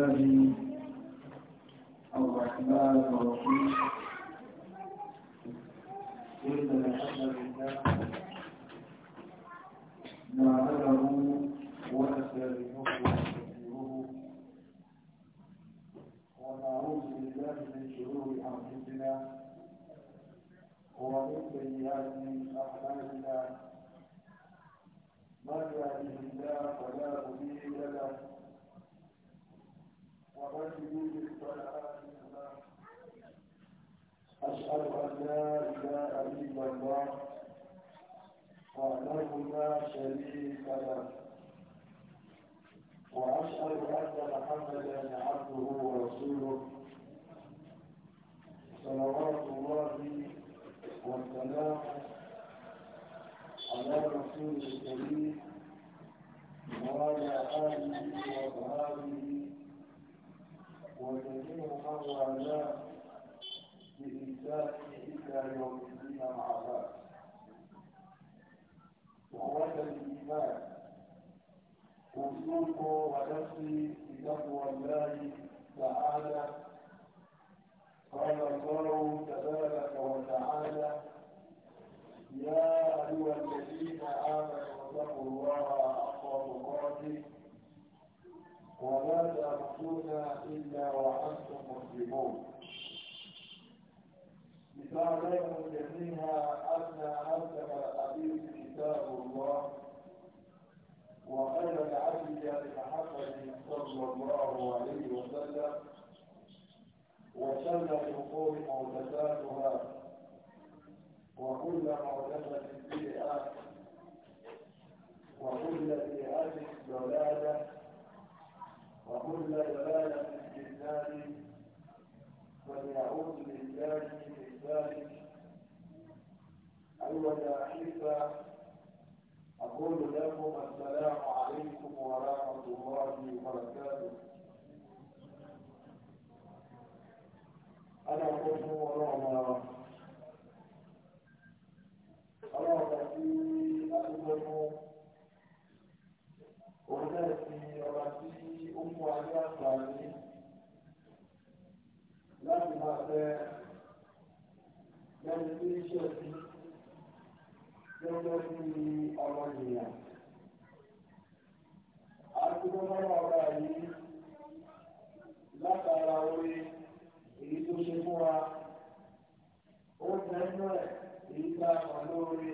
الله الرحمن الرحيم إن الحمد لله وحده لا شريك له وأشهد أن محمدا عبده ورسوله صلوات الله والسلام على رسول الكريم وعلى آله وأصحابه وجميع من والاه بإنسانه إلى يوم الدين مع ذلك وغدا الإيمان أوصيكم ونفسي بتقوى الله تعالى قال الله تبارك وتعالى يا أيها الذين آمنوا اتقوا الله حق تقاته ولا تموتن إلا وأنتم مسلمون بتعلم جميعا أن أسلم الحديث كتاب الله وخير العبد محمد صلى الله عليه وسلم وشر الامور محدثاتها وكل محدثه بدعه وكل بدعه ضلاله وكل ضلاله في النار فليعوذ بالله من ذلك ايها الاحبه أقول لكم السلام عليكم ورحمة الله وبركاته أنا أقول ورحمة الله أقول ونأتي ورأتي أم علي أصلاني لازم هذا لازم يشتري gẹ́gẹ́ bí ọmọ ènìyàn. A ti mú mọ́nà ọba yìí látara orí èyí tó ṣe fún wa. Ó tẹ́nu ẹ̀ èyí tá a mọ̀ lórí.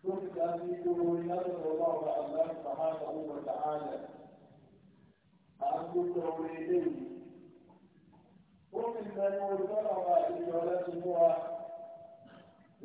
Tó ti dá sí lórí látọ̀dọ̀ ọba ọba àgbà Sàmáàtà owó ọ̀tà àlẹ̀. À ń gbógbó orí eléyìí. Ó ti tẹ́nu orí tọ́lọ̀ ọba ìjọ lẹ́sìn fún wa.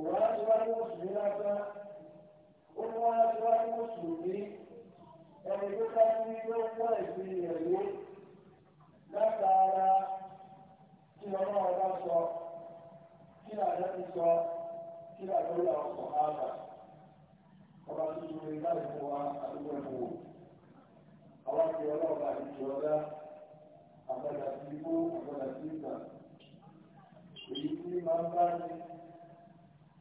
wàásùwárí mùsùlùmí lásán ó ní wàásùwárí mùsùlùmí ẹni tó ká sí ló ń wọ ìsìn rẹ̀ yé látara kí ọmọ ọba sọ kí làdá ti sọ kí làdá ó lọ sọ ààbà ọba tuntun rẹ̀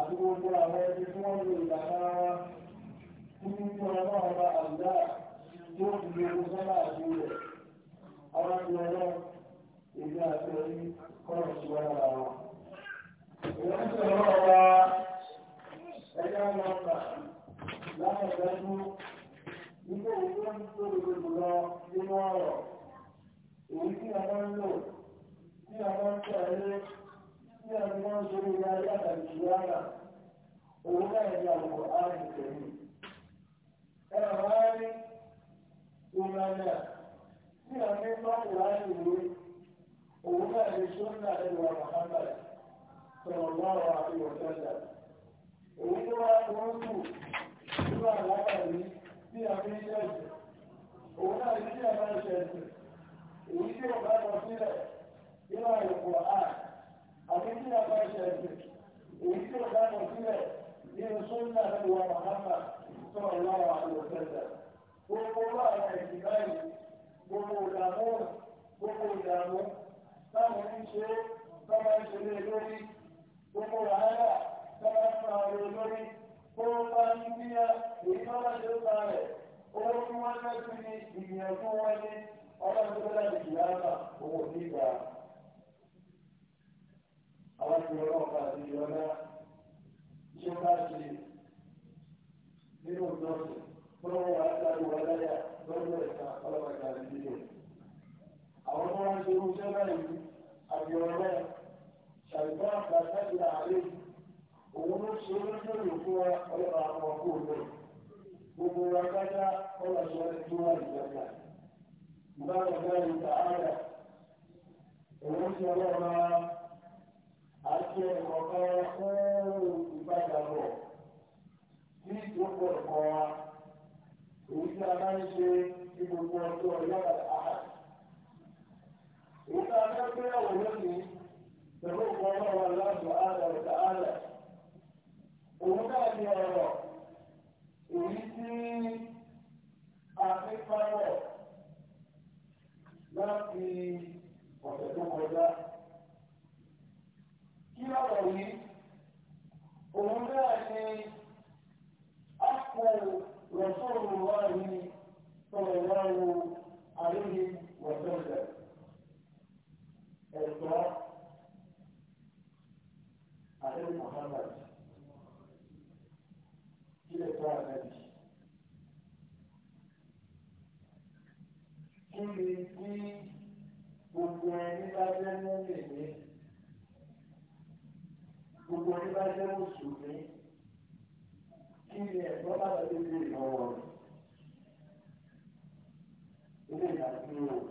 àti gbogbo àwọn ẹni tí wọ́n lo ìlànà fún ọlọ́run bá àwùjá tí ó fi gbogbo sọ́lá àti rẹ̀. Àwọn àti ọlọ́run èdè àti ẹni kọ́rọ̀ sí wọn lára wọn. Ìwọ́n ń sọ̀rọ̀ ọ̀rọ̀ ẹja lọ́kà láwọn ìdájú nígbà èyí wọ́n ń tó lòdòdò lọ nínú ọ̀rọ̀. Èyí tí a máa ń lò tí a máa ń tẹ̀lé ní àwọn máa ń sọ ní ilé ayé àtàkì yára òun náà ní àwọ̀ ààrẹ tẹ̀lé ẹ àwọn ààrẹ òun àná ní àwọn ẹgbẹ́ àwọn ààrẹ ìwé òun náà ní sọ́nà ẹ̀rọ àmàhàmàlà sọ̀rọ̀ lọ́wọ́ àti ọ̀tẹ́lẹ̀ òun ló wá wọ́n kù nínú àlábàrí ní àwọn ilé òun náà ní sí àwọn ẹ̀sìn èyí tí lọ sílẹ̀ nínú àyẹ̀kọ̀ ààrẹ àbíkí àbá ìṣẹ̀lẹ̀ èyí tí ó dáná sílẹ̀ nínú sóńdà lẹ́nu wa mahama sọ̀rọ̀ láwọn àlùfẹ́sẹ̀ gbogbo wa àwọn ẹ̀sìn báyìí gbogbo ìdààmú gbogbo ìdààmú táwọn ń ṣe tọ́ba ń ṣe lé lórí gbogbo wàhálà tọ́ba ń fa lé lórí owó bá ń bíyà èyí tọ́ba ṣe ń fa rẹ̀ owó tí wọ́n fẹ́ sí ni ìgbìyànjú wọn ní ọlọ́run tó dájú ìyá àgbà owó ní ìgbà àwọn ìwé ọ̀gá àti ìyọ̀lá tí ó bá ṣe nínú ìjọsìn lọ́wọ́ wa láti wà láyà lọ́wọ́ ẹ̀ka ọlọ́mọdé àti ìdílé. àwọn tó wọ́n ṣe irú iṣẹ́ báyìí àti ọ̀rẹ́ ṣàlùbọ́ àgbàṣẹ́sì àárẹ̀ òun ló ṣe lójú òyò fún wa ọlọ́pàá àwọn ọkọ̀ òwe gbogbo wa kájá ọlọ́ṣọ́ ẹni tó wà ìjọba ìbára ọ̀gá ìta àárẹ̀ òun ṣe ọlọ́pàá àti ẹ̀kọ́ fún ìgbàgbọ́ ní ìjókòó ẹ̀kọ́ wa èyí tí a máa ń ṣe ní gbogbo ọjọ́ yàrá àhà. èyí tí a máa ń gbé ẹ̀wọ̀ lónìí pẹ̀lú ọ̀pọ̀ náà wà láàbò ààrẹ ọ̀tá òun náà ní ọ̀rọ̀ èyí tí a fi pààrọ̀ láti ọ̀sẹ̀ tó kọjá ìrọ̀rọ̀ yìí òun náà ni àpò rọ̀fóònù wa yìí sọ̀rọ̀ lọ́wọ́ àríyí wọ̀sọ̀ọ̀sẹ̀ ẹ̀tọ́ àríyí Muhammad kí lè tọ́ àgbẹ̀bí. Kí ni bí gbogbo ẹni bá jẹ́ mọ́lẹ̀ ní fẹ́ mùsùlùmí kí ni ẹ̀gbọ́n bàbá tó lè lọ́wọ́ rẹ̀ ilé ìdàgbìyàn.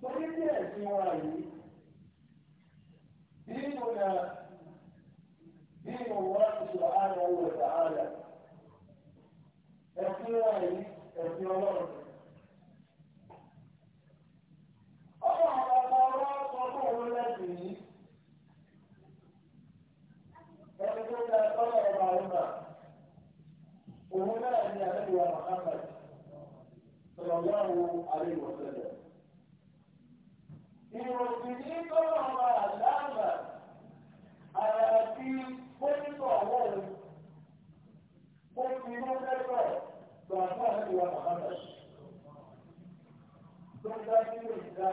Torí bí ẹ̀sìn wa yìí, nínú na nínú wa sọ ààrẹ wọ̀ sàárẹ̀, ẹ̀sìn wa yìí ẹ̀sìn ọlọ́run. sallallahu alaihi wasallam. ìròyìn ní tọ́lọ̀ ọba àdáàbà àyàfi pólítọ̀ àwọn òun ó fi mọ́tẹ́tọ̀ gbàgbọ́ àti wà màmá tó ń dá sí ìdá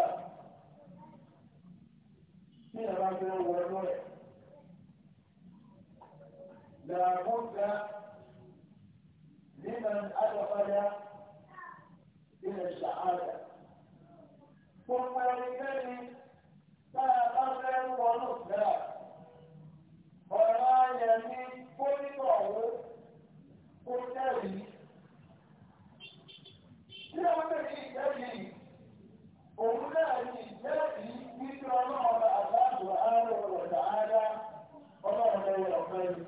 ní ìyàrá tó ń wọ ẹgbẹ́ rẹ̀. لابد لمن أدخل من الشهادة ثم لذلك فأخذ ونصدر ولا يمين كل طاوة كل نبي لما تجي تجي ولا يجي مثل الله الله سبحانه وتعالى الله لا يغفر.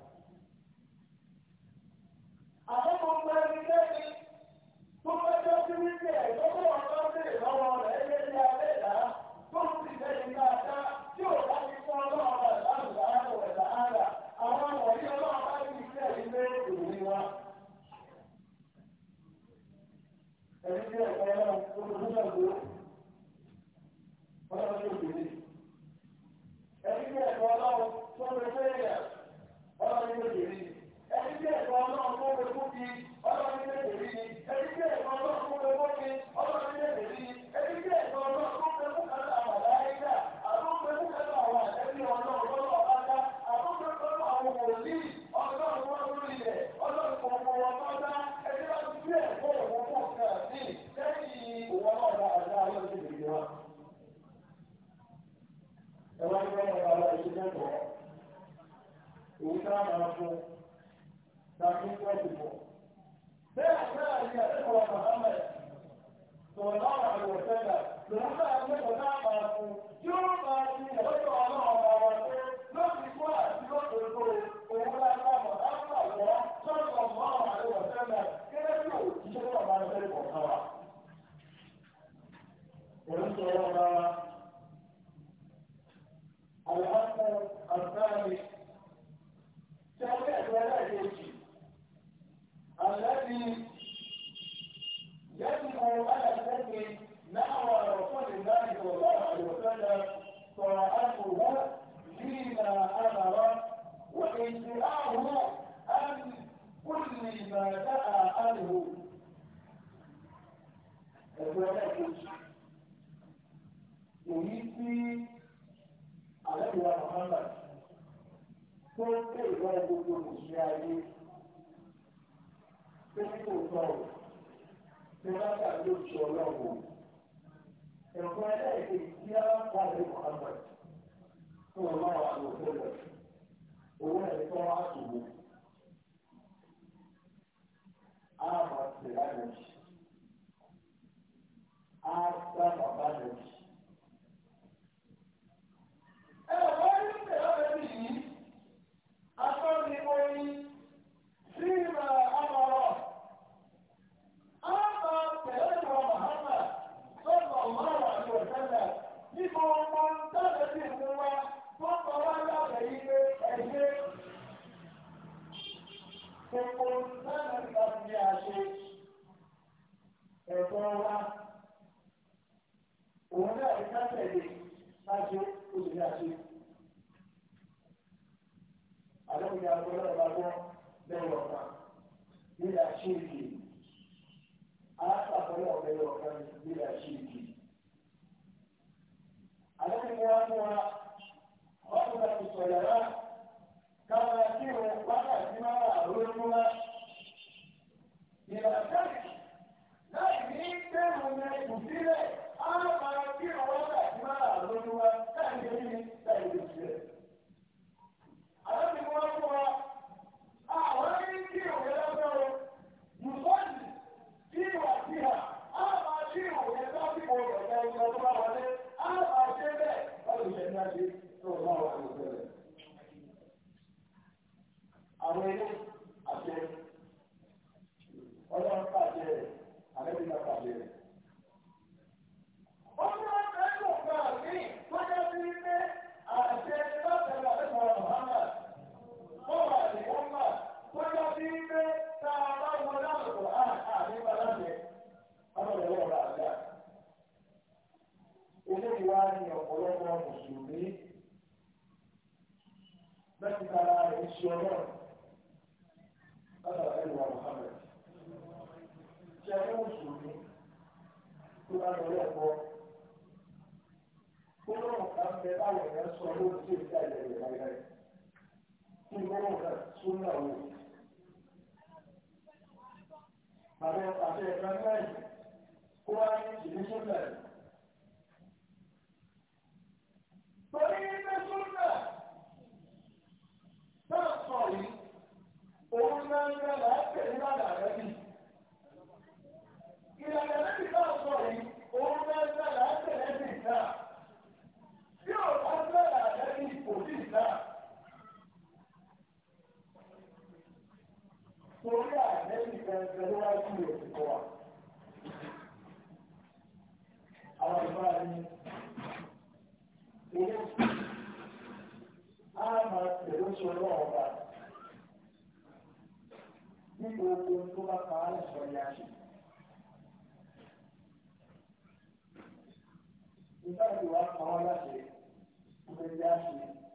àmọ́ gbogbo ẹni lẹ́ni tó fẹ́ jẹ́ sí wípé ẹ̀dọ́gbọ̀n náà.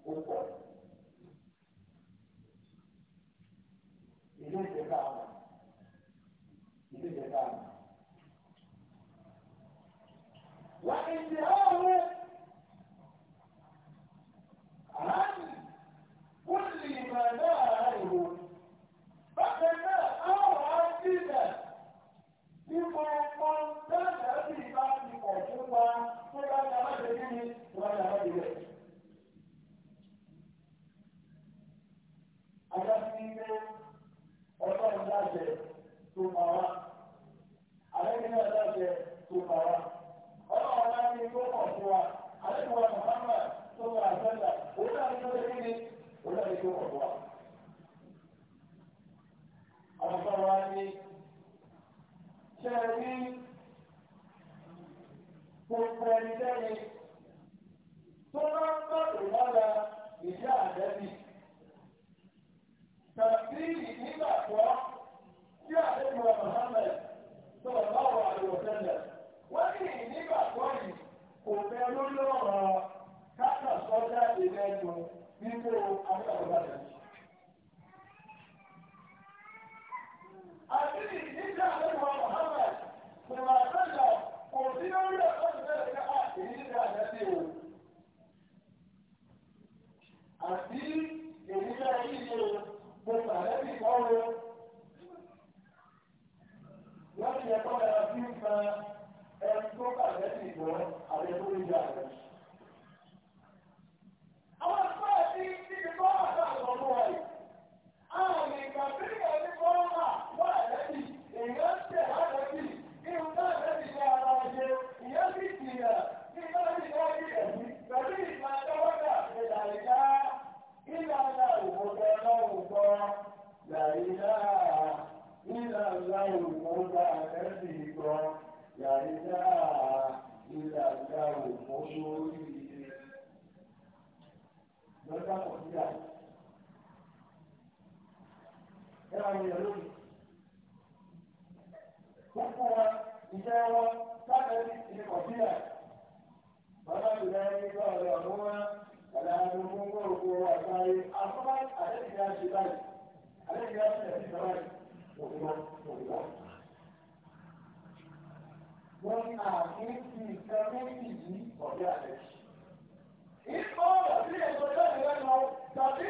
ó ilé ìjẹta ilé ìjẹta wọ́n ní ààrin ti nǹkan méjì yìí ọ̀dẹ́ àlẹ́ yìí. ìfọwọ́ sí ètò ìjọba ìrẹ́nu tàbí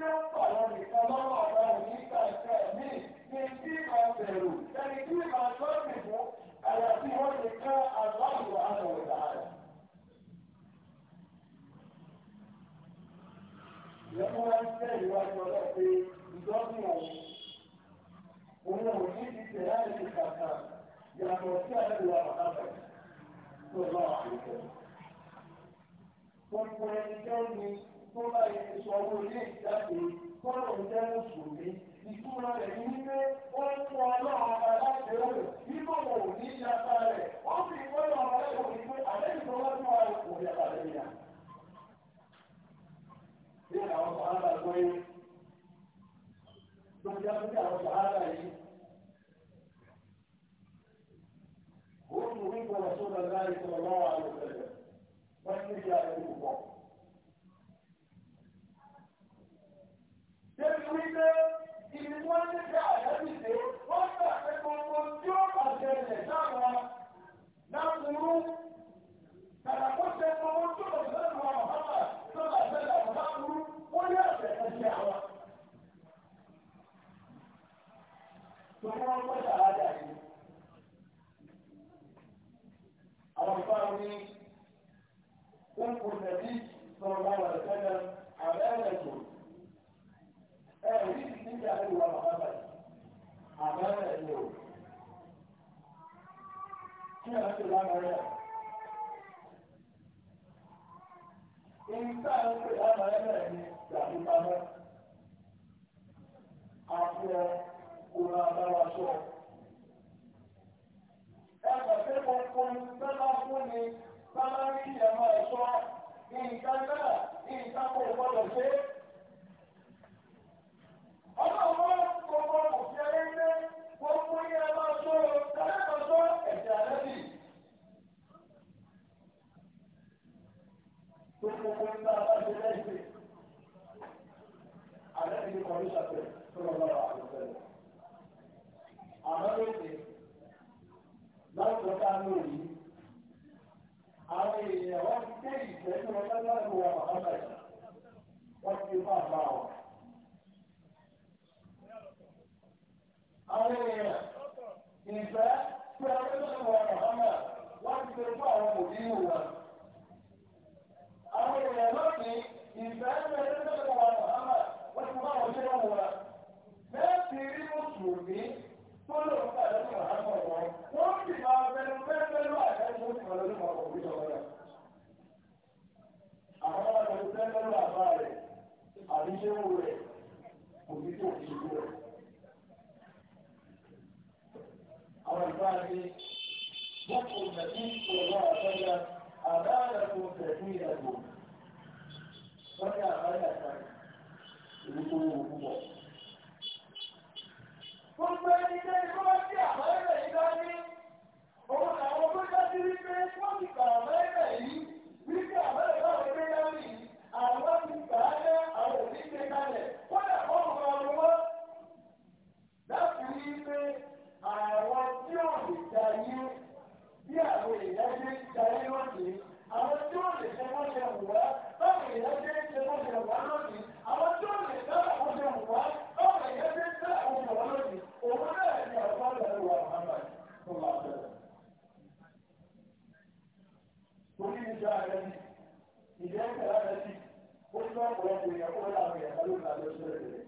tó pàlọ́ nìkan lọ́wọ́ ọ̀gá ìníkà ìfẹ́ mi ní tí máa bẹ̀rù ẹni tí máa tọ́ Gbogbo ẹni tó ní tó bá yẹ sọ owó ilé ìjáde kọ́lọ̀ ń jẹ́ mùsùlùmí ìtura rẹ̀ ní wípé ó ń fún ọlọ́run ọba láti rẹ̀ nígbà wo ní ìyapa rẹ̀ ó sì gbọ́dọ̀ ọba rẹ̀ wò ní pé tó wá fún wa kò yà bàbá yà. bí àwọn sàárà gbọ́ yìí tó ń jáde bí àwọn sàárà yìí. ó ń wípé wọ́n sọ́dọ̀ láì sọ̀rọ̀ lọ́wọ́ àlùfẹ́ rẹ̀ wọ́n ti ń yára ìdúgbò. débi wípé ìlú wọn ní ká àyẹ́bí dé wọ́n gbà pé gbogbo tí ó bá ṣẹlẹ̀ sáwọn láburú kàràkọ́ṣe gbogbo tó lọ sẹ́nu àwọn bàbá tó bá ṣẹlẹ̀ àwọn láburú wọ́n ní àṣẹ kan ṣe àwọn. Tòun wọn gbọ́ sàrádà yìí. Àwọn ìfáwọn ní ó ń kó nàbí sọ̀rọ̀ láwọn ẹ̀sẹ̀ náà àbẹ́rẹ́ tó. kí ẹ̀ lọ́sẹ̀ lánàá rẹ̀. Èyí tá à ń pè lánàá rẹ̀ náà ni ìyàwó pamọ́. Àti ẹ kò ra bára sọ. Ẹ kàn pé kọ̀ọ̀kan sábà fún ni sábà rí ìyàwó ẹ̀ṣọ́. Nǹkan náà nǹkan kò gbọdọ̀ ṣe. Ọlọ́run tó kókó nígbà bá ṣe lẹ́sẹ̀ alẹ́ ti kọ́ ní ṣàtẹ̀ tó lọ lọ́wọ́ àlùfẹ́lẹ̀. Àmọ́ lóde láwùjọ tá a ń lò yìí, àwọn èèyàn wọ́n ti dé ìfẹ́ tó lọ lọ́wọ́ àwọn àbábà yìí, wọ́n ti máa bá wọn. Àwọn èèyàn ìfẹ́ tó lọ lọ́wọ́ fẹ́ fún àwọn òbí wọn àwọn èèyàn lónìí wọ́n kò ní tó fi Àwọn ìbáraẹni wọ́n àbáyọ̀kùn tẹ̀sí ẹ̀kọ́ wọ́n ní àbáyọ̀ kan ìlú tó wù púpọ̀. Gbogbo ẹni tẹ́ ikú wá sí àbáyọ̀ yìí bá ní òun làwọn tó dájú wípé wọ́n ti gbà àbáyọ̀ yìí wípé àbáyọ̀ náà ti gbé dání àwọn ti gbà á lẹ́ àwọn òní gbé kalẹ̀ wọ́n dà wọ́n mọ ọdún wọ́n láti rí i pé àwọn tí ò lè dá yé bí àwọn èèyàn ṣe ń jayé lónìí àwọn tí ó lè ṣe wọ́n ṣe wù wá báwọn èèyàn ṣe ń ṣe wọ́n ṣe wù wá lónìí àwọn tí ó lè ṣe wọ́n ṣe wù wá báwọn èèyàn ṣe ń ṣe àwọn ṣe wù wá lónìí òun náà ni àwọn ọ̀dọ́ wa Muhammad tó máa bẹ̀rẹ̀. torí ìjọ ààrẹ ni ìjẹ́ ìjọba rẹ ti ó ní ọ̀pọ̀lọpọ̀ èèyàn kó láwọn èèyàn lórí àjọṣe rẹ̀.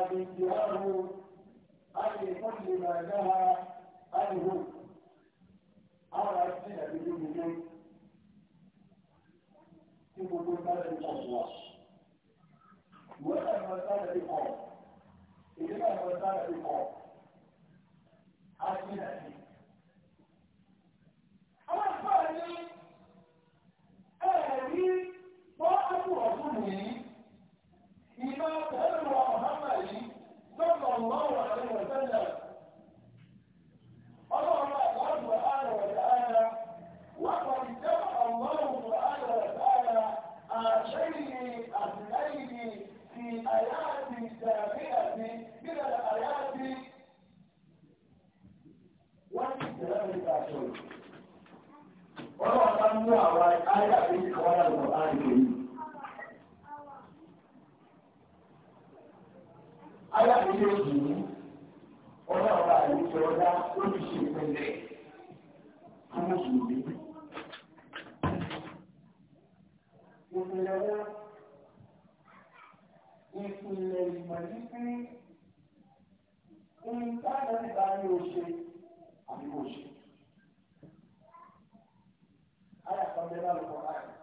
والانتهاء عن كل ما نهى عنه على السنة بدون في بدون بلد الله ولا مسألة بالقول إنما مسألة بالقول السنة صلى الله عليه وسلم الله سبحانه وتعالى وقد اتفق الله سبحانه وتعالى على شيء اثنين في ايات سابقه من الايات والكلام الباطل. والله سبحانه وتعالى آية في القرآن alábìyẹ yìí ọlá ọba àlejò ọlá olùṣe ìpínlẹ̀ amúṣùmí. ìpínlẹ̀ wọn ìpínlẹ̀ ìmọ̀ wípé nǹkan àgbẹ̀ta ni ó ṣe àbí ó ṣe. ayàtọ̀ ń bẹ lálùkọ́ báyìí.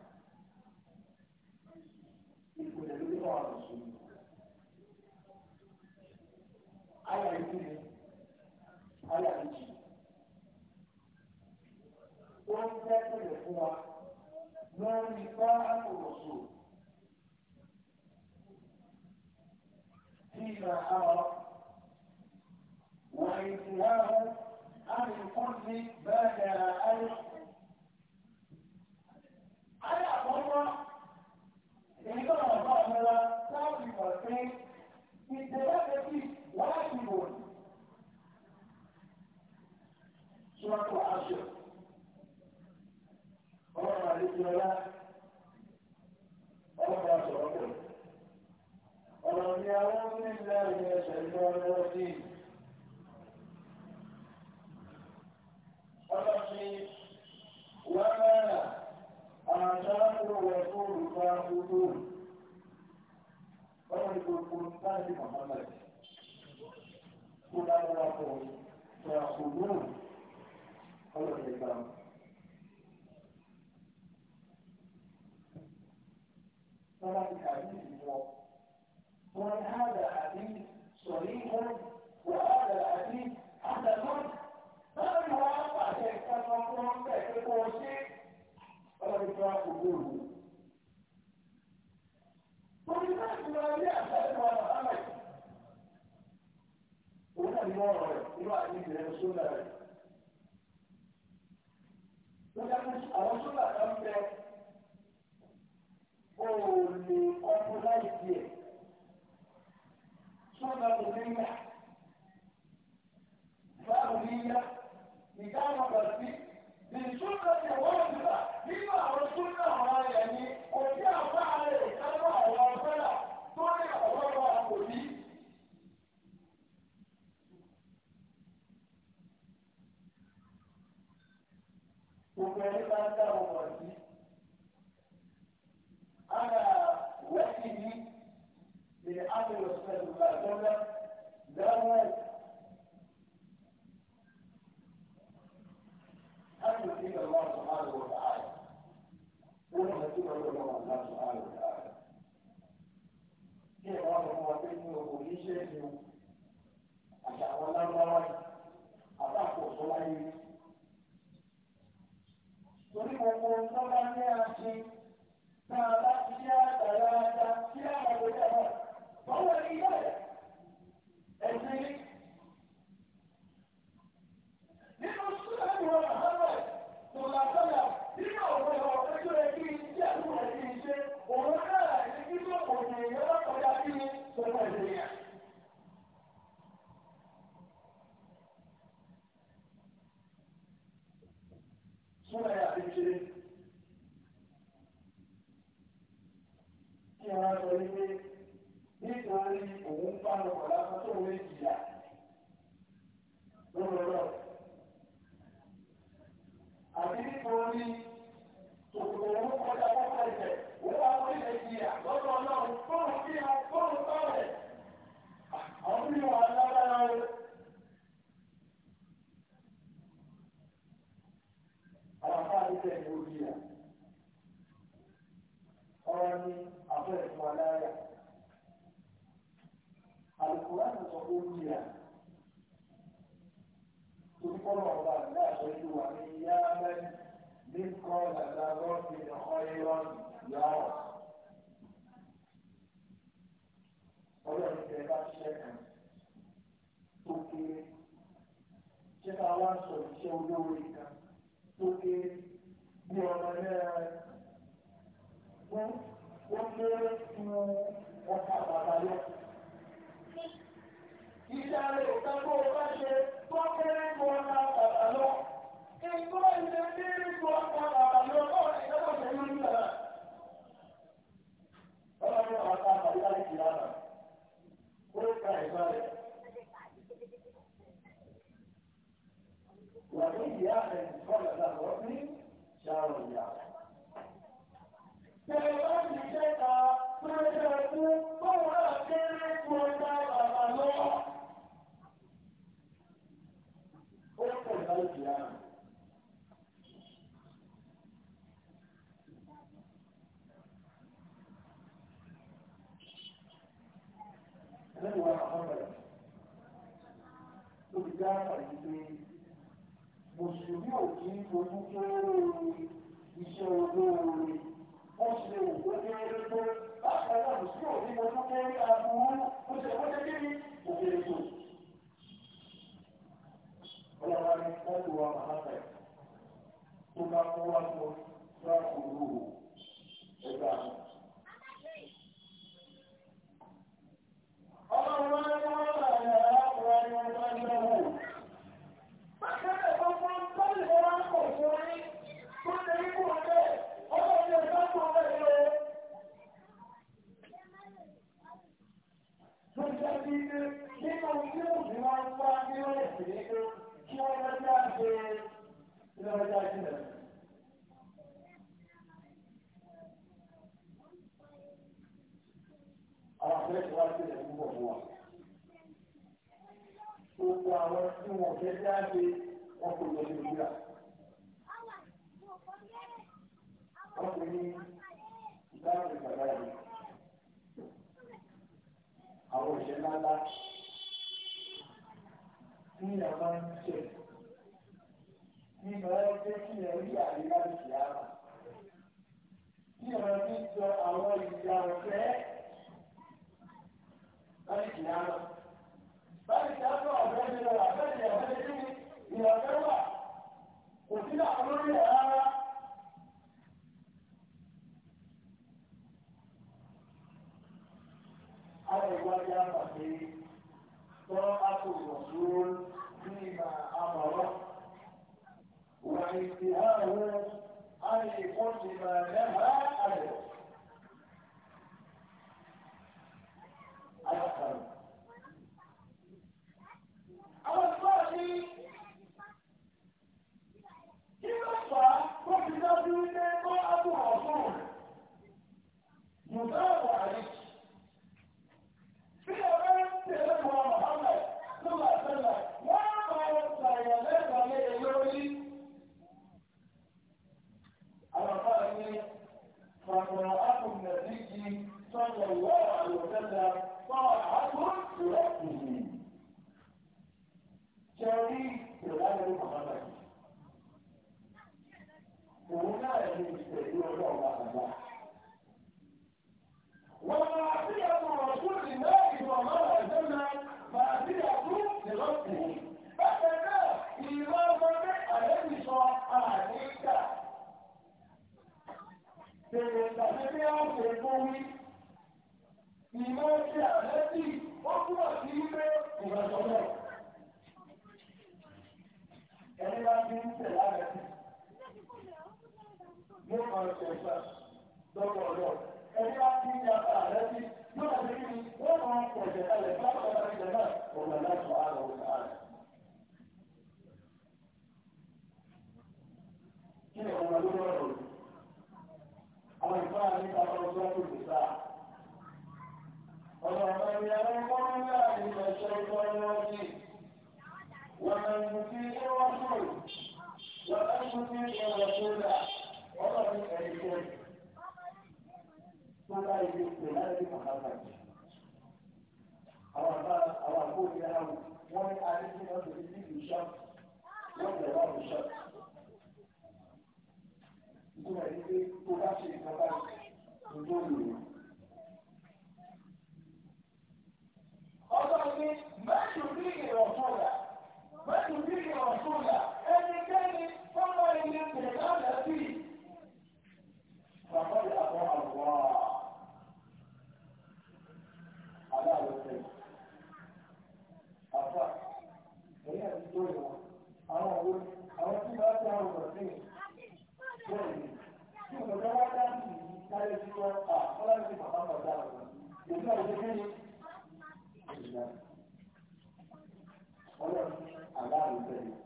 ala yi kini ala yi jì wọ́n ń tẹ́tẹ́ lè فيما أمر وإنتهاه عن الكل بعد ألف على مرة إذا أمر تعرف الشيء بالتلاقي واجب سورة العشر ọlọ́run àlejò ọlá ọlọ́run àsọ̀rọ̀ pọ̀ ọ̀rọ̀ ni àwọn onílẹ̀ ìlú ẹ̀sẹ̀ ìlú ọlọ́wọ́ sí i ọlọ́run ni wọ́n mẹ́rà àṣàkóso rẹ̀ fún olùkọ́ àkókò ọlọ́run gbogbo táàbí mọ̀mọ́lẹ̀. تبرقون تأخذون الله الكرام فمن الحديث هو ومن هذا حديث صريح وهذا الحديث حسن ما هو أقع شيء تفكرون تحققوا شيء فلا تفكرون ولماذا لا يحسن ولا أمك òun náà ní ọ̀rọ̀ rẹ̀ nínú àti ìbẹ̀rẹ̀ sólà rẹ̀. lọ́jà pé àwọn sólà kan lè láì díẹ̀ sólà kò ní yá ní yá sí ìsúná ti wọ́n nínú gbogbo ẹni bá ń dá wọn wọ̀ sí. Ana wẹ́ẹ̀kì ní lè ábẹ̀rẹ̀ sẹ́lù làgbọ́dá dáwọ́ أن يطيع الله سبحانه وتعالى ولا يطيع الله سبحانه وتعالى كيف الله هو بينه وبين شيخه عشان gbogbo tó gbogbo yóò máa tẹ̀sán lọ́wọ́ ọlọ́run. ẹni bá ti ń yàtọ̀ àlẹ́ sí yóò máa ṣe wọ́n máa pọ̀jẹ̀ kalẹ̀ bá ọ̀gá ìjọ náà ọ̀gá náà sọ àrùn àrùn. kí ni ọmọ ló lọ́rọ̀ rẹ̀? àwọn ìfọ́n àti àwọn ọ̀gá tó lè sá. ọ̀rọ̀ ìyàwó kọ́ńtà ní ìṣẹ̀ṣẹ̀ ìfọ́nrọ́jì wọ́n máa ń fi ìwọ́n sùn wọ́n máa ń fi ìwọ́n sùn ọlọ́run ẹni tó tó bá ilé pè láti màkàtà àwọn àbá àwọn àbóyè àwọn wọn ní adéṣe náà lórí níbi ṣọ́ọ̀tì wọn lè wà ní ṣọ́ọ̀tì. ìtumọ̀ yìí pé tó bá ṣe ìjọba ìjọ lòó. ọlọ́run ní mẹ́tò bí ìrọ̀fọ́lá mẹ́tò bí ìrọ̀fọ́lá ẹnikẹ́ni tọ́lá ilé pè láti فقد أطاع الله على وسلم أطاع هي الدنيا أنا أقول أنا في بلاد أنا مسلم شوف بدل كان كان يجوا آه ولا يجي مقام بدل يجوا يجي ولا على وسلم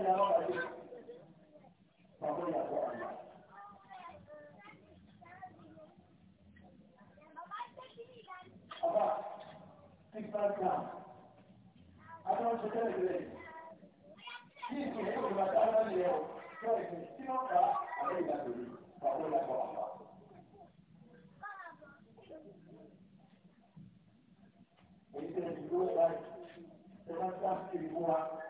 إلا رغبة فقل أطوع الله أبا تكبر كام أبا شكرا إليه كيف يحب ما تعالى اليوم كيف يستمر علينا به فقل أطوع الله ويجب أن يكون ذلك تمسك بالقوة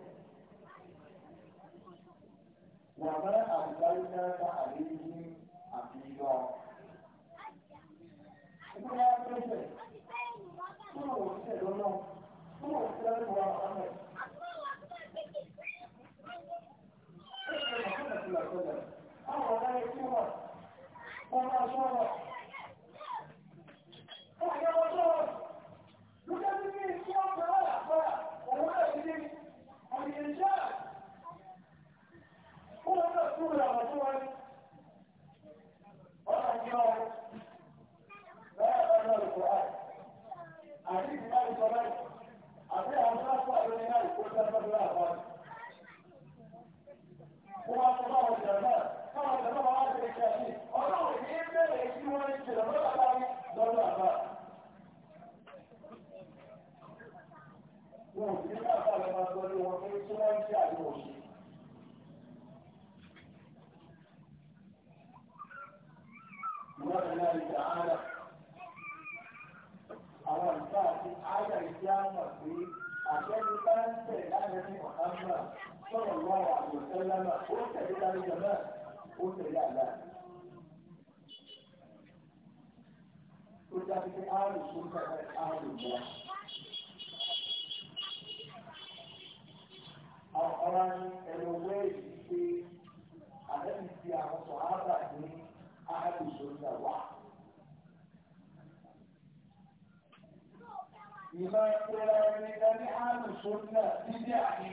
وما أرسلناك عليهم حفيظا Ìgbéra pẹ́sẹ̀ tó lò wọ́n lọ́nà tó lò wọ́n lọ́nà wà lọ́nà. Ṣé ìgbéra tó lò wọ́n lọ́nà? Àwọn ọ̀rẹ́ ẹ̀kú wà, wọ́n máa ṣọ́ wà. já mọ̀ pé àtẹ́ni bá ń tẹ̀ láàrin ní ọ̀hánmà sọ̀rọ̀ lọ́wọ́ àwòsàn lánàá ó tẹ̀lé láàrin jọ̀mọ́ ó tẹ̀lé àlá. Ó dábí pé àrùn tó ń tẹ̀lé àrùn wá. Àwọn ọ̀rá ní ẹ̀rọ wẹ́ẹ̀lì pé àtẹ́ni ti àwọn sọ̀hábà ní àrùn tó ń tẹ̀lé wá. ìmọ̀ ìpínlẹ̀ ẹni dání àlùsùn náà dídí àní.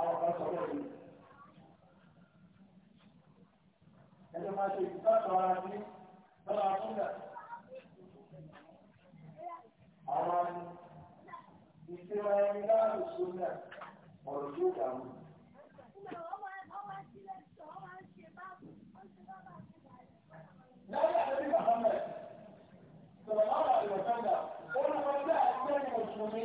Àwọn kan sọ lórí. Ẹni máa ṣe ìtàkùn ara ní lọ́la àtúndà. Àwọn ìpínlẹ̀ ẹni dání àlùsùn ọ̀rọ̀ tó dàrú. láyé àtẹ́bí Muhammad sọ̀rọ̀ máa wà lọ́sọ̀dà ó lọ́kọ́ bí àti ẹni mùsùlùmí.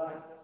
black.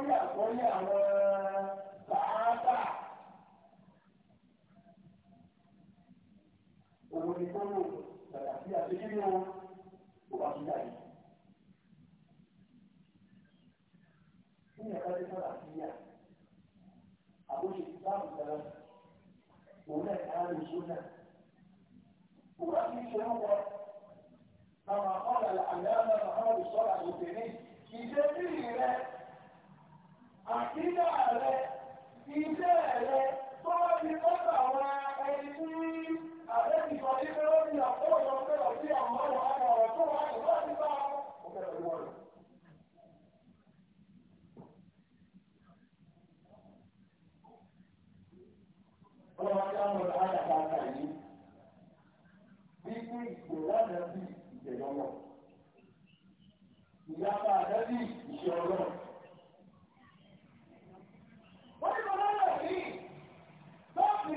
lórí àkọlé àwọn sàábà òun ni kó lò bàtà sí àṣekírí o kò bá tún jáde. Ní ẹ̀ka tí sọ̀rọ̀ àti yíyà, àbóṣe ti bá àbùkù òun náà ká lè ṣó náà. Kúrò àti ìṣòro wọn, àwọn àkọọ́lẹ̀ àlẹ́ àmọ́ àkọọ́lẹ̀ sọ̀rọ̀ òkè ní ìṣẹ́bí rẹ̀ àkídà rẹ ilé rẹ tó bá ti lọ́sọ̀ àwọn ẹni tí àbẹ́bìkan ní pé ó ti àpò ìlọ́sọ̀ pé ọ̀sí àwọn ọ̀rọ̀ àgbà ọ̀rọ̀ tó wà ní bá ti bá ó bẹ̀rẹ̀ lọ́wọ́ rẹ̀. ọlọ́wọ́ ti àwọn ọ̀rọ̀ àgbà àgbà yìí bí kú ìgbò lọ́nà bí ìjẹ̀yọ́ lọ. ìyá bá àdẹ́bí ìṣẹ́ ọlọ́run.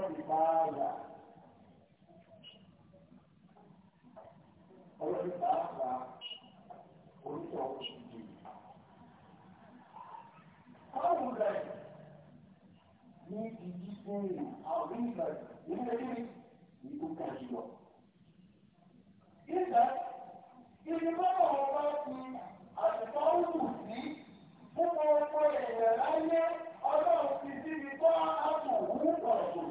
الكفاية ọlọ́run bá gba oníṣẹ́ ọkùnrin yìí. Báwo ní ìdí ìrìn àwọn ìgbà nínú ẹgbẹ́ ní tó ká jùlọ? Ìgbà ìdí bọ́lá wọn bá fi àtìkọ́ wù sí fún ọkọ ẹ̀yẹ̀ láyé ọlọ́run ti síbi bọ́ àpò wúkọ̀ ọ̀dùn.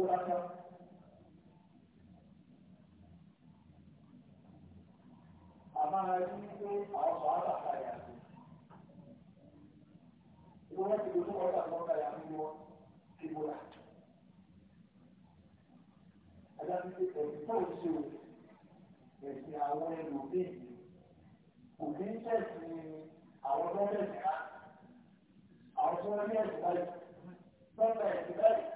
ó lásán. àmọ́ rí i pé àwọn sọ á bàtà sí. ìwé wọn ti dojú ọjà tó ń ta yà wọn ti bóra. ajá ti ṣe ẹ̀sìn tó ń ṣe ẹ̀sìn àwọn ẹlòmíì kò ní sẹ̀sìn àwọn tó ń tẹ̀sìn ká àwọn tó ń tẹ̀sìn báyìí tó ń báyìí.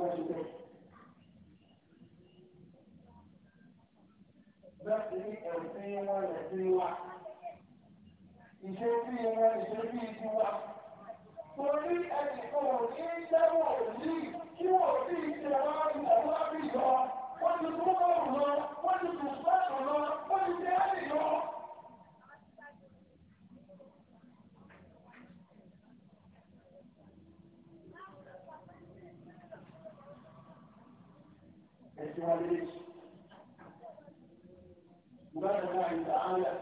wá ṣe bẹ́ẹ̀. láti ẹ̀sìn wọn ẹ̀sìn wa ìṣesí wọn ìṣesí ti wa torí ẹnì kan ò ní lẹ́wọ̀ òní kí wọ́n sì ṣe wá ìwọ̀n wá bí lọ wọ́n ti tún bọ̀rù lọ wọ́n ti tún bọ̀rù lọ wọ́n ti tẹ́ ẹ̀rì lọ. tí wọ́n lé sí. Ìbára náà ìgbà áyà.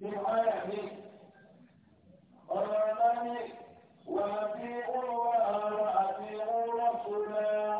Nínú áyà mi, ọ̀rọ̀ ọ̀la ní wàá bí ó wà àti ó rọ̀ tó náà.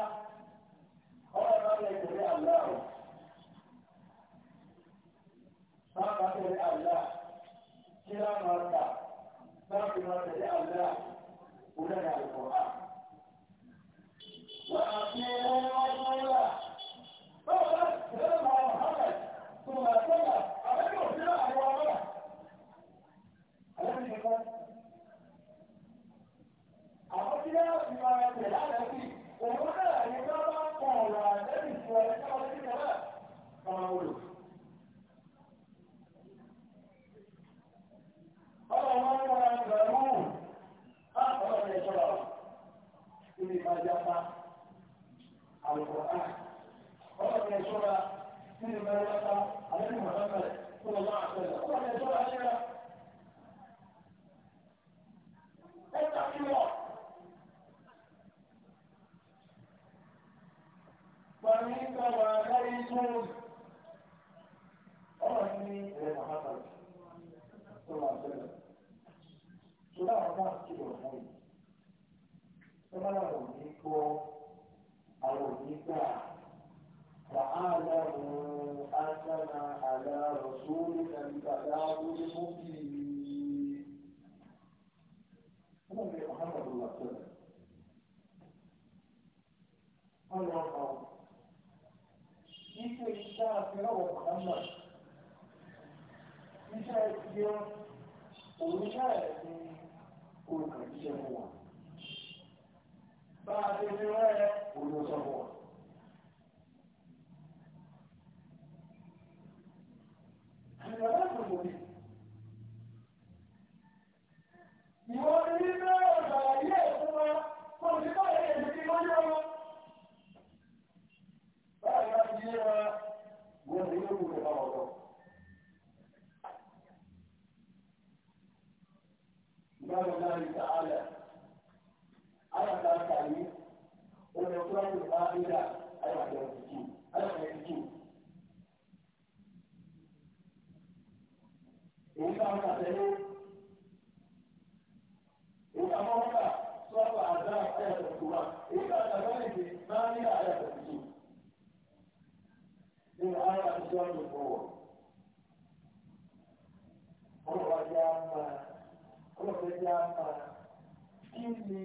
tí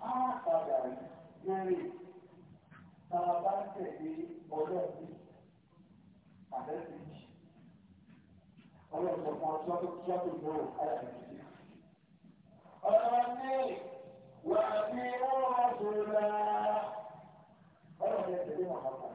a fà padà bẹ̀rẹ̀ tá a bá tẹ̀lé ọlọ́ọ̀bí àbẹ́sẹ̀ yìí ọlọ́ọ̀sọ̀ fún ọjọ́ tó gbòòrò ayàtọ̀ sí. ọ̀rọ̀ ní wà ní ọ̀rọ̀ tó la ọ̀rọ̀ yẹn tẹ̀lé màmá kan.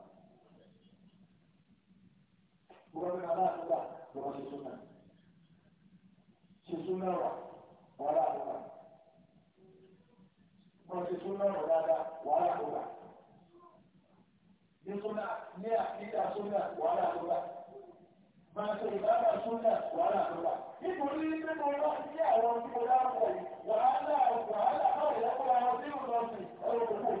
bukan mengalah sudah bukan si sunnah si sunnah wa wala bukan bukan si sunnah wala ada wala bukan ni sunnah ni akidah sunnah wala bukan Màtò ìbára súnà wàhálà tó wà. Nítorí pé mo lọ sí àwọn tí mo dá pọ̀ yìí, wàhálà wàhálà náà yẹ kó ara sí ìlọsìn ọlọ́kùnrin.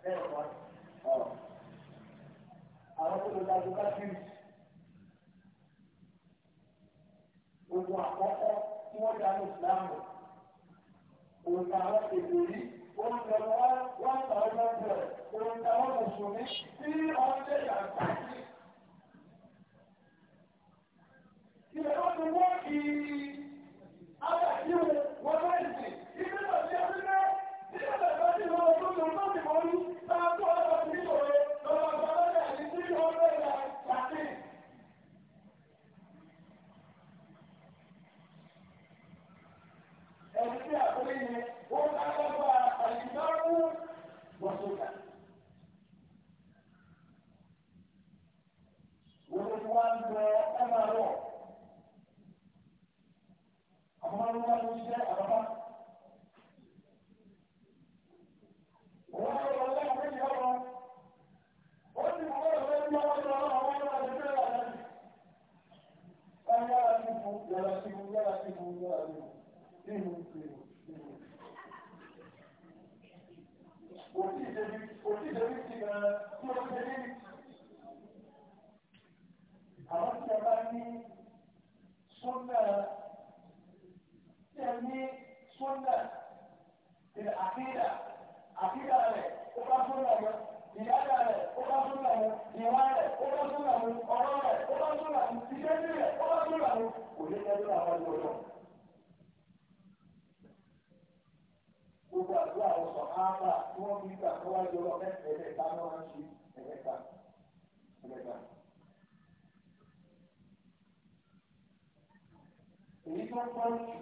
àwọn tó lọ dájú ká sí ogun àkọ́kọ́ tí wọ́n dá ní ìsìlámù òǹkà àwọn èdè yìí oúnjẹ wọn wọn ta ọjọ́ bẹ̀ òǹkà wọn mùsùlùmí tí ọjọ́ yàtọ̀ sí. ilẹ̀ wọn ti wọ́n kì í ábàdí wọn. فقط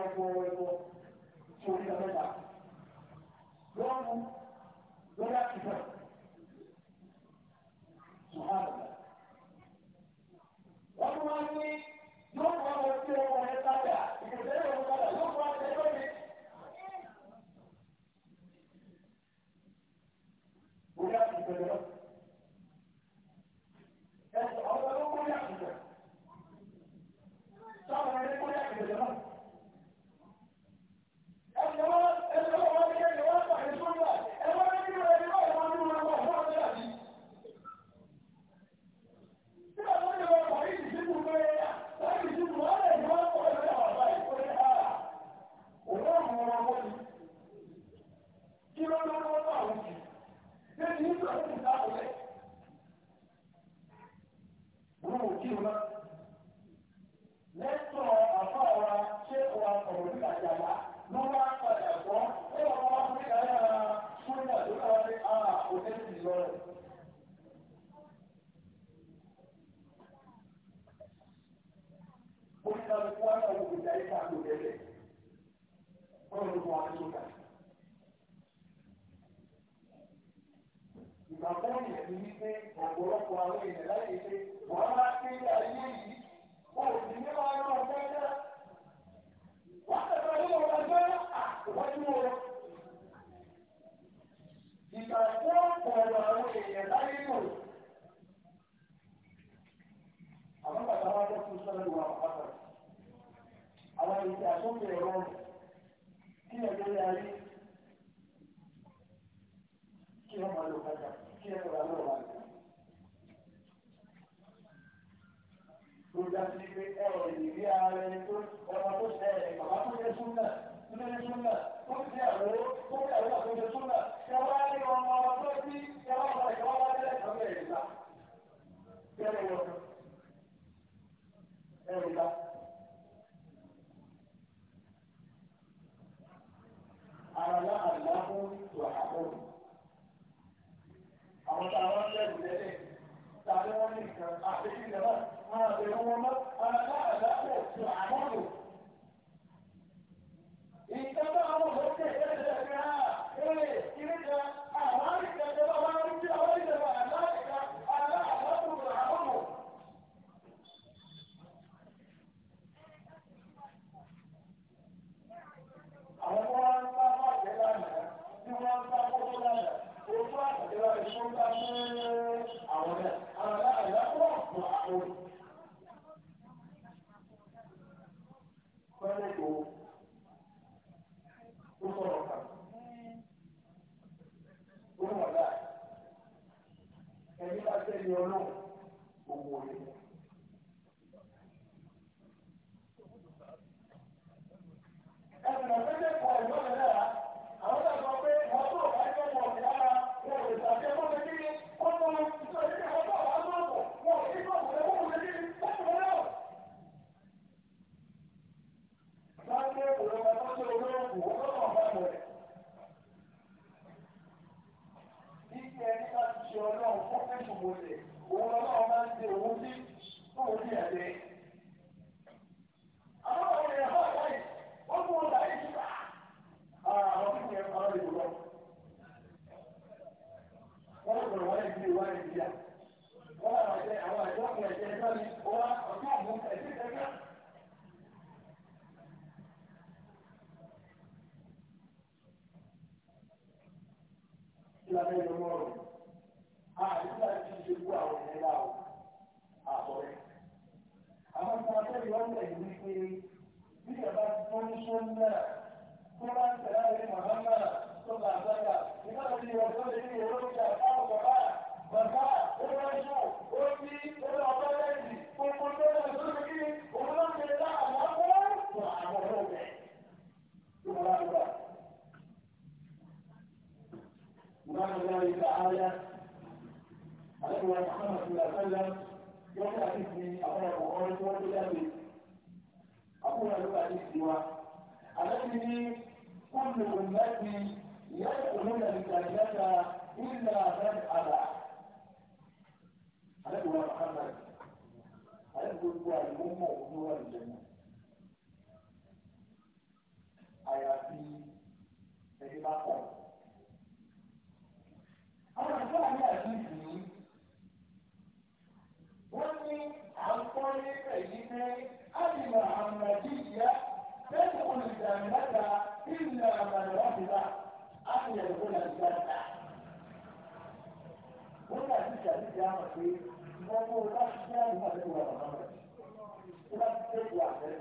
ẹ̀kọ́ ẹ̀kọ́ gracias en محمدية تدخل الجنة إلا من رحب أن يدخل الجنة هنا في شديد يا مسيح مو رحمة ما تقول محمد لا تقول أحد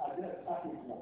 أجل أحد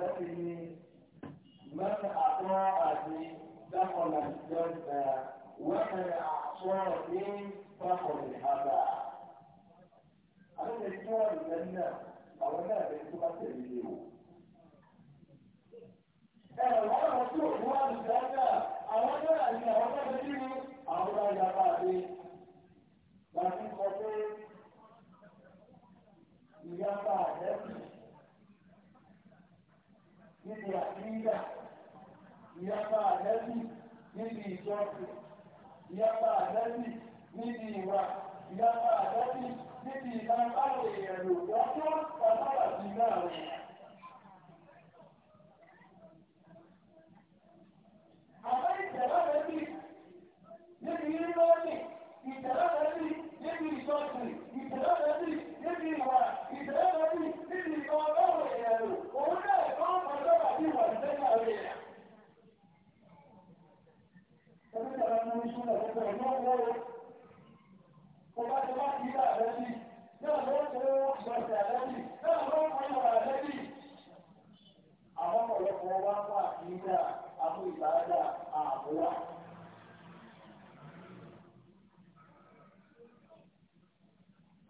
àlẹ́bí ni mẹ́rin àtọ́ àti dákọ̀lá ìjọba wẹ́rin àtọ́ ní dákọ̀lá ìhábà. Àwọn ètò ọ̀rẹ́ náà àwọn náà lè tó bá tẹ̀lé e o. Ẹ̀rọ ọ̀rọ̀ tí òkú wà ní ìdájà àwọn náà ni àwọn náà lè kí àwọn náà yà bá dé. Láti sọ pé ìyá bá àjẹ́sì níbi àdínlà ìyapa àlẹ́bí níbi ìjọsìn ìyapa àlẹ́bí níbi ìwà ìyapa àlẹ́bí níbi ìlànàbáwò ìrẹ̀lò lọ́jọ́ ọ̀nàbà sí náà rẹ̀. Àbẹ́ ìtẹ̀lẹ́rẹ́ bí níbi yúnífọ́ọ̀sì, ìtẹ̀lẹ́rẹ́ bí níbi ìjọsìn, ìtẹ̀lẹ́rẹ́ bí níbi ìwà, ìtẹ̀lẹ́rẹ́ bí níbi ìlànàbáwò ìrẹ̀lò. Òun ní súnmọ̀ pẹ̀lú ẹ̀mọ́ owó kò bá ti bá ti bá àbẹ́bí náà ló ń kó ìgbọ̀nsẹ̀ àbẹ́bí náà ló ń kó ìwà àbẹ́bí. àwọn ọ̀pọ̀lọpọ̀ wá fún àfihàn àmú ìbáradà àbúwà.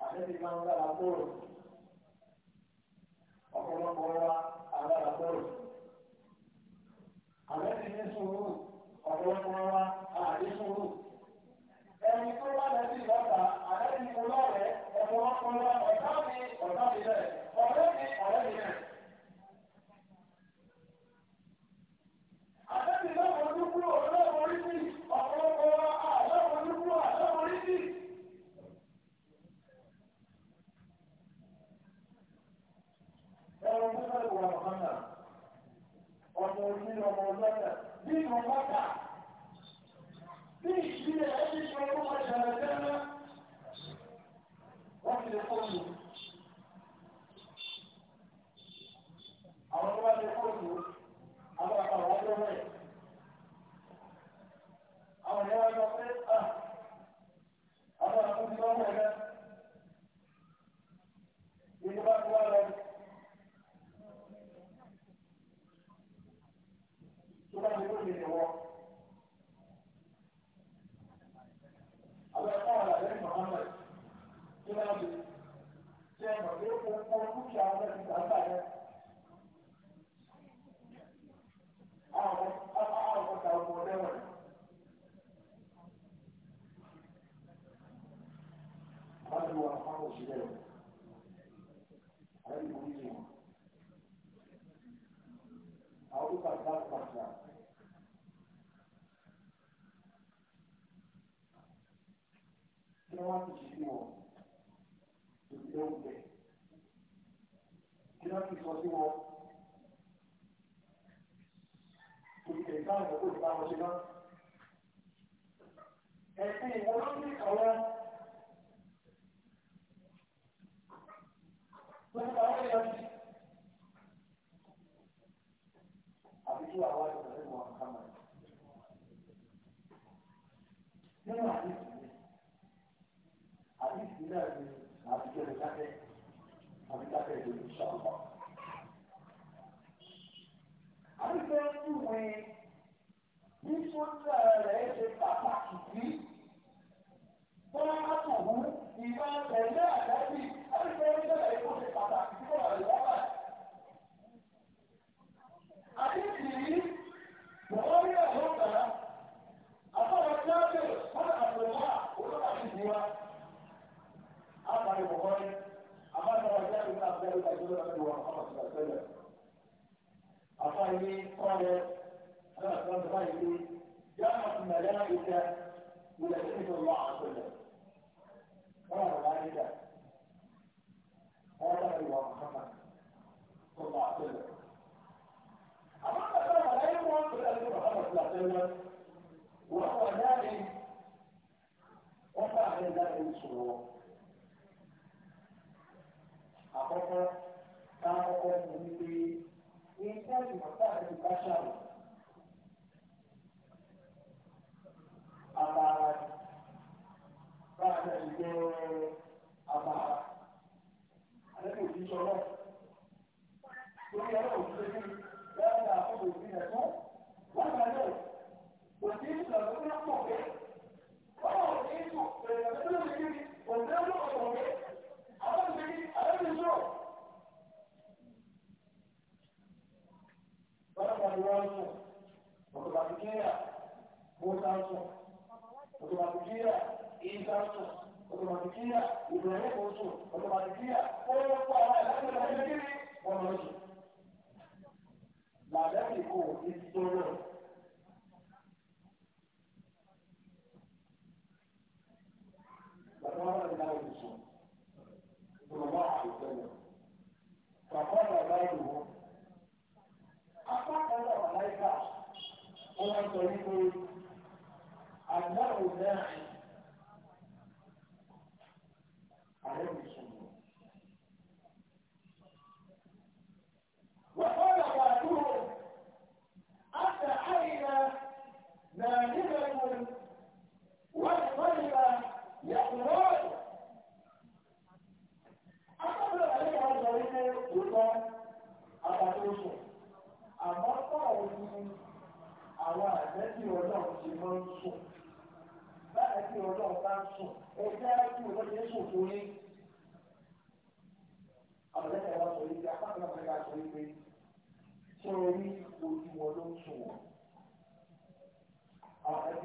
àbẹ́bí máa ń lára bóòlù. kí ni wọ́n. Àbẹ̀kọ́ àlàyé Mohammed tí wọ́n lè ṣe ẹ̀mọ̀ pé gbogbo dúkìá wọn ti dàgbà yẹn. Àwọn ọ̀gá ọmọ not sure to go there. Kí ló ti sọ sí wọn? Òkè ìbáwọn ẹ̀kọ́ ìbáwọn ṣe náà. Ẹ̀sìn ìwọ ló ní àwọn gbogbo àwọn èèyàn ti. Àbí kí wàá wá ìgbàlẹ́ wọn kà Nínú àdìsí. bí sójà rẹ̀ ṣe pàtàkì sí bọ́lá kò wú ìbára.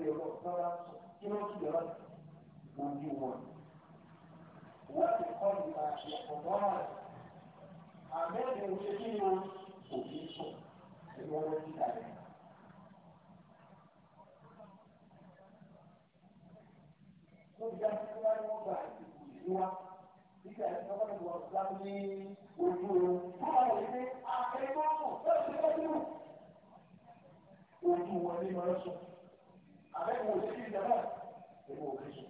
ilẹ̀ wọn rárá kí wọ́n ti yọrọ ojú wọn. wọ́n ti kọ́ ìgbà ọ̀pọ̀ náà àmẹ́rin oṣù kí ni kò ní sùn ẹ̀yọ́ wọn ti dàgbẹ́. wọ́n ti dájú pé wọ́n gba ìdìbò ìlú wa nígbà tí wọ́n bá wọ́n gbá ní ojú oorun. wọ́n bá wọ̀ wípé àkẹ́kọ̀ọ́ sùn bẹ́ẹ̀ ni wọ́n ojú wọn ni wọ́n sùn àbẹ́wò òṣèlú ìjọba ẹ̀wọ̀ òkèṣù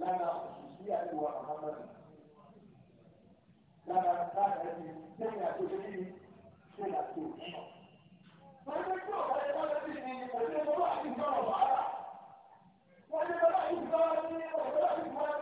lára òṣìṣẹ́ àríwá àbámọ́ lára lára ẹni lẹ́yìn àti òṣèlú ṣe àti òṣìṣẹ́. wọ́n ti kú ọ̀gá ẹ̀ka lọ́sí ni òṣèlú ọlọ́wà ti gbọ́ ọ̀bà wọ́n ti gbọ́ ọ̀bà ara ní ọ̀gá ọ̀bà ara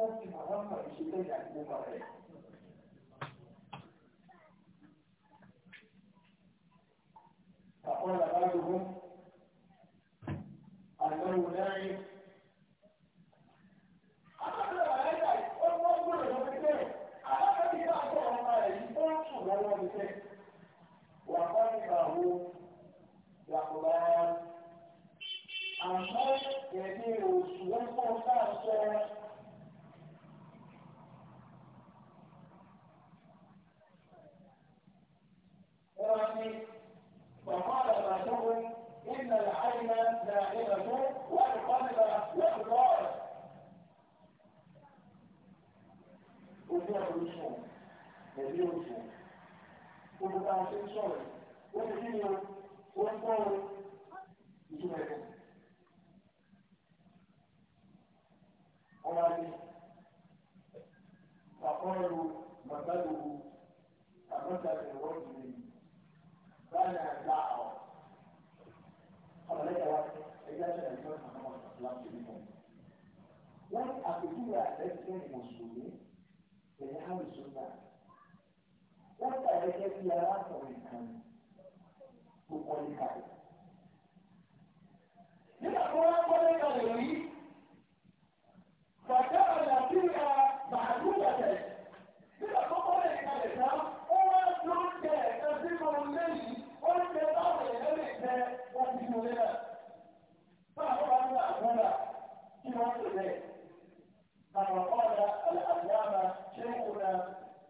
فقال بعضهم أنه لا يكفي gbogbo bá a ṣe ń sọ̀rọ̀ wọ́n ti kí wọn wọ́n gbọ́ wọn ìtumọ̀ ẹ̀kọ́. ọba ni àkọ́rọ̀ màgbàlùwò àgbọ̀tàlẹ̀ wọ́n ti lè báyìí àgbà ọ̀ ọ̀lẹ́yà wa ẹgbẹ́ àṣẹyà ìjọ àwọn láti rí mọ́. wọ́n àpèjúwe àtẹ́sẹ̀ mùsùlùmí ẹ̀yà àrùsùn náà wọ́n tàbí jẹ́ kí alákùnrin kan tó kọ́lé kalẹ̀. nígbà tó wá kọ́lé kalẹ̀ yìí bàtà ọ̀dà sí ìyá màálù bàtẹ̀ nígbà tó kọ́lé kalẹ̀ tán ó wá tó jẹ ẹ̀ka sínú ilé yìí ó ń jẹ báwọn èèyàn lè jẹ wọ́n ti mú lé náà. báwo wá ní àgbọ̀nà kí wọ́n tó lẹ̀. àwọn ọ̀dà àlàyé àmà ṣé kò náà.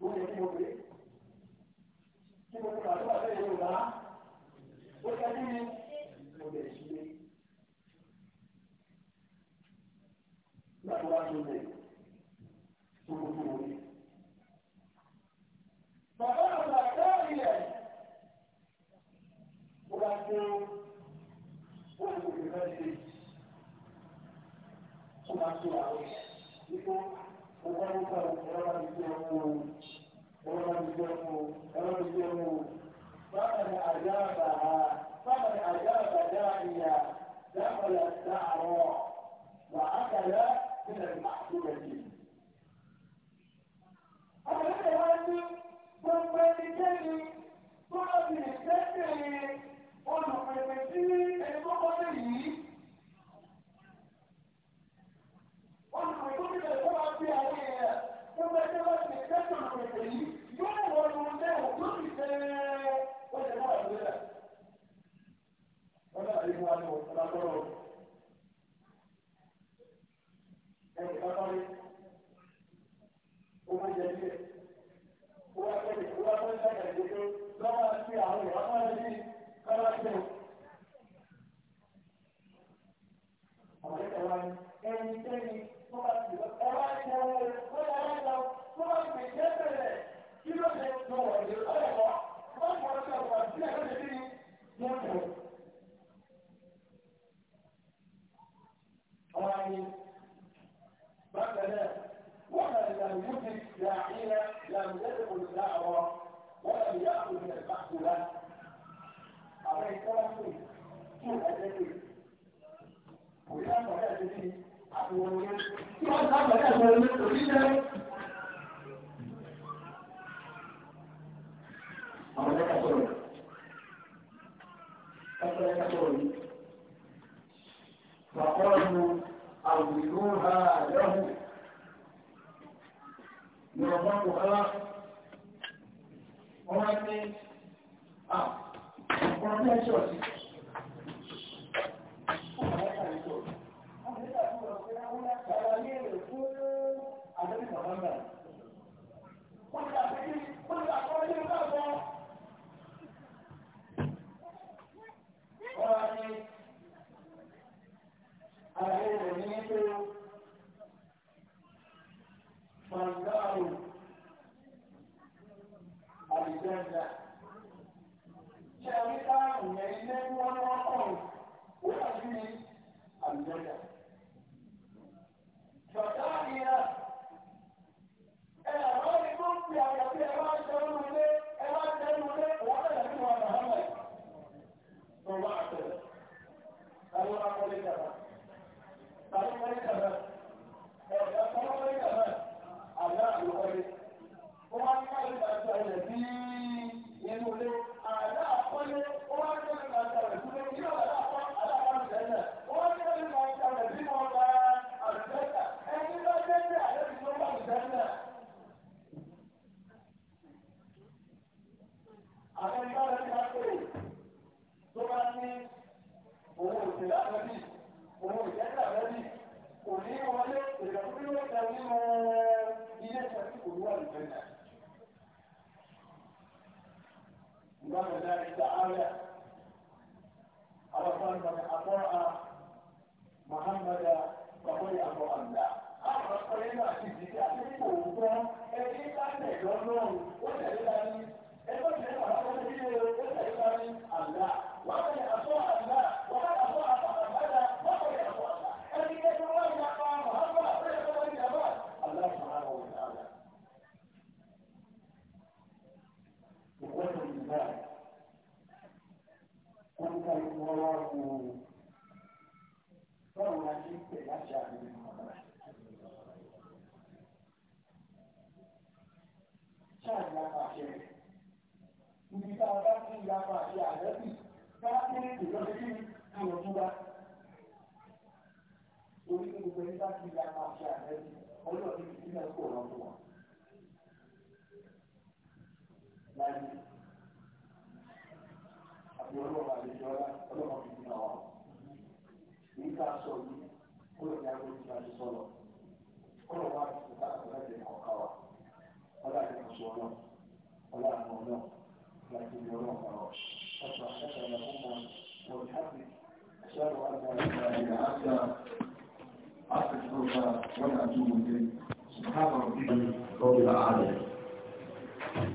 bó ṣe kí wà lẹ́yìn Yorùbá ó ṣe kí ni. to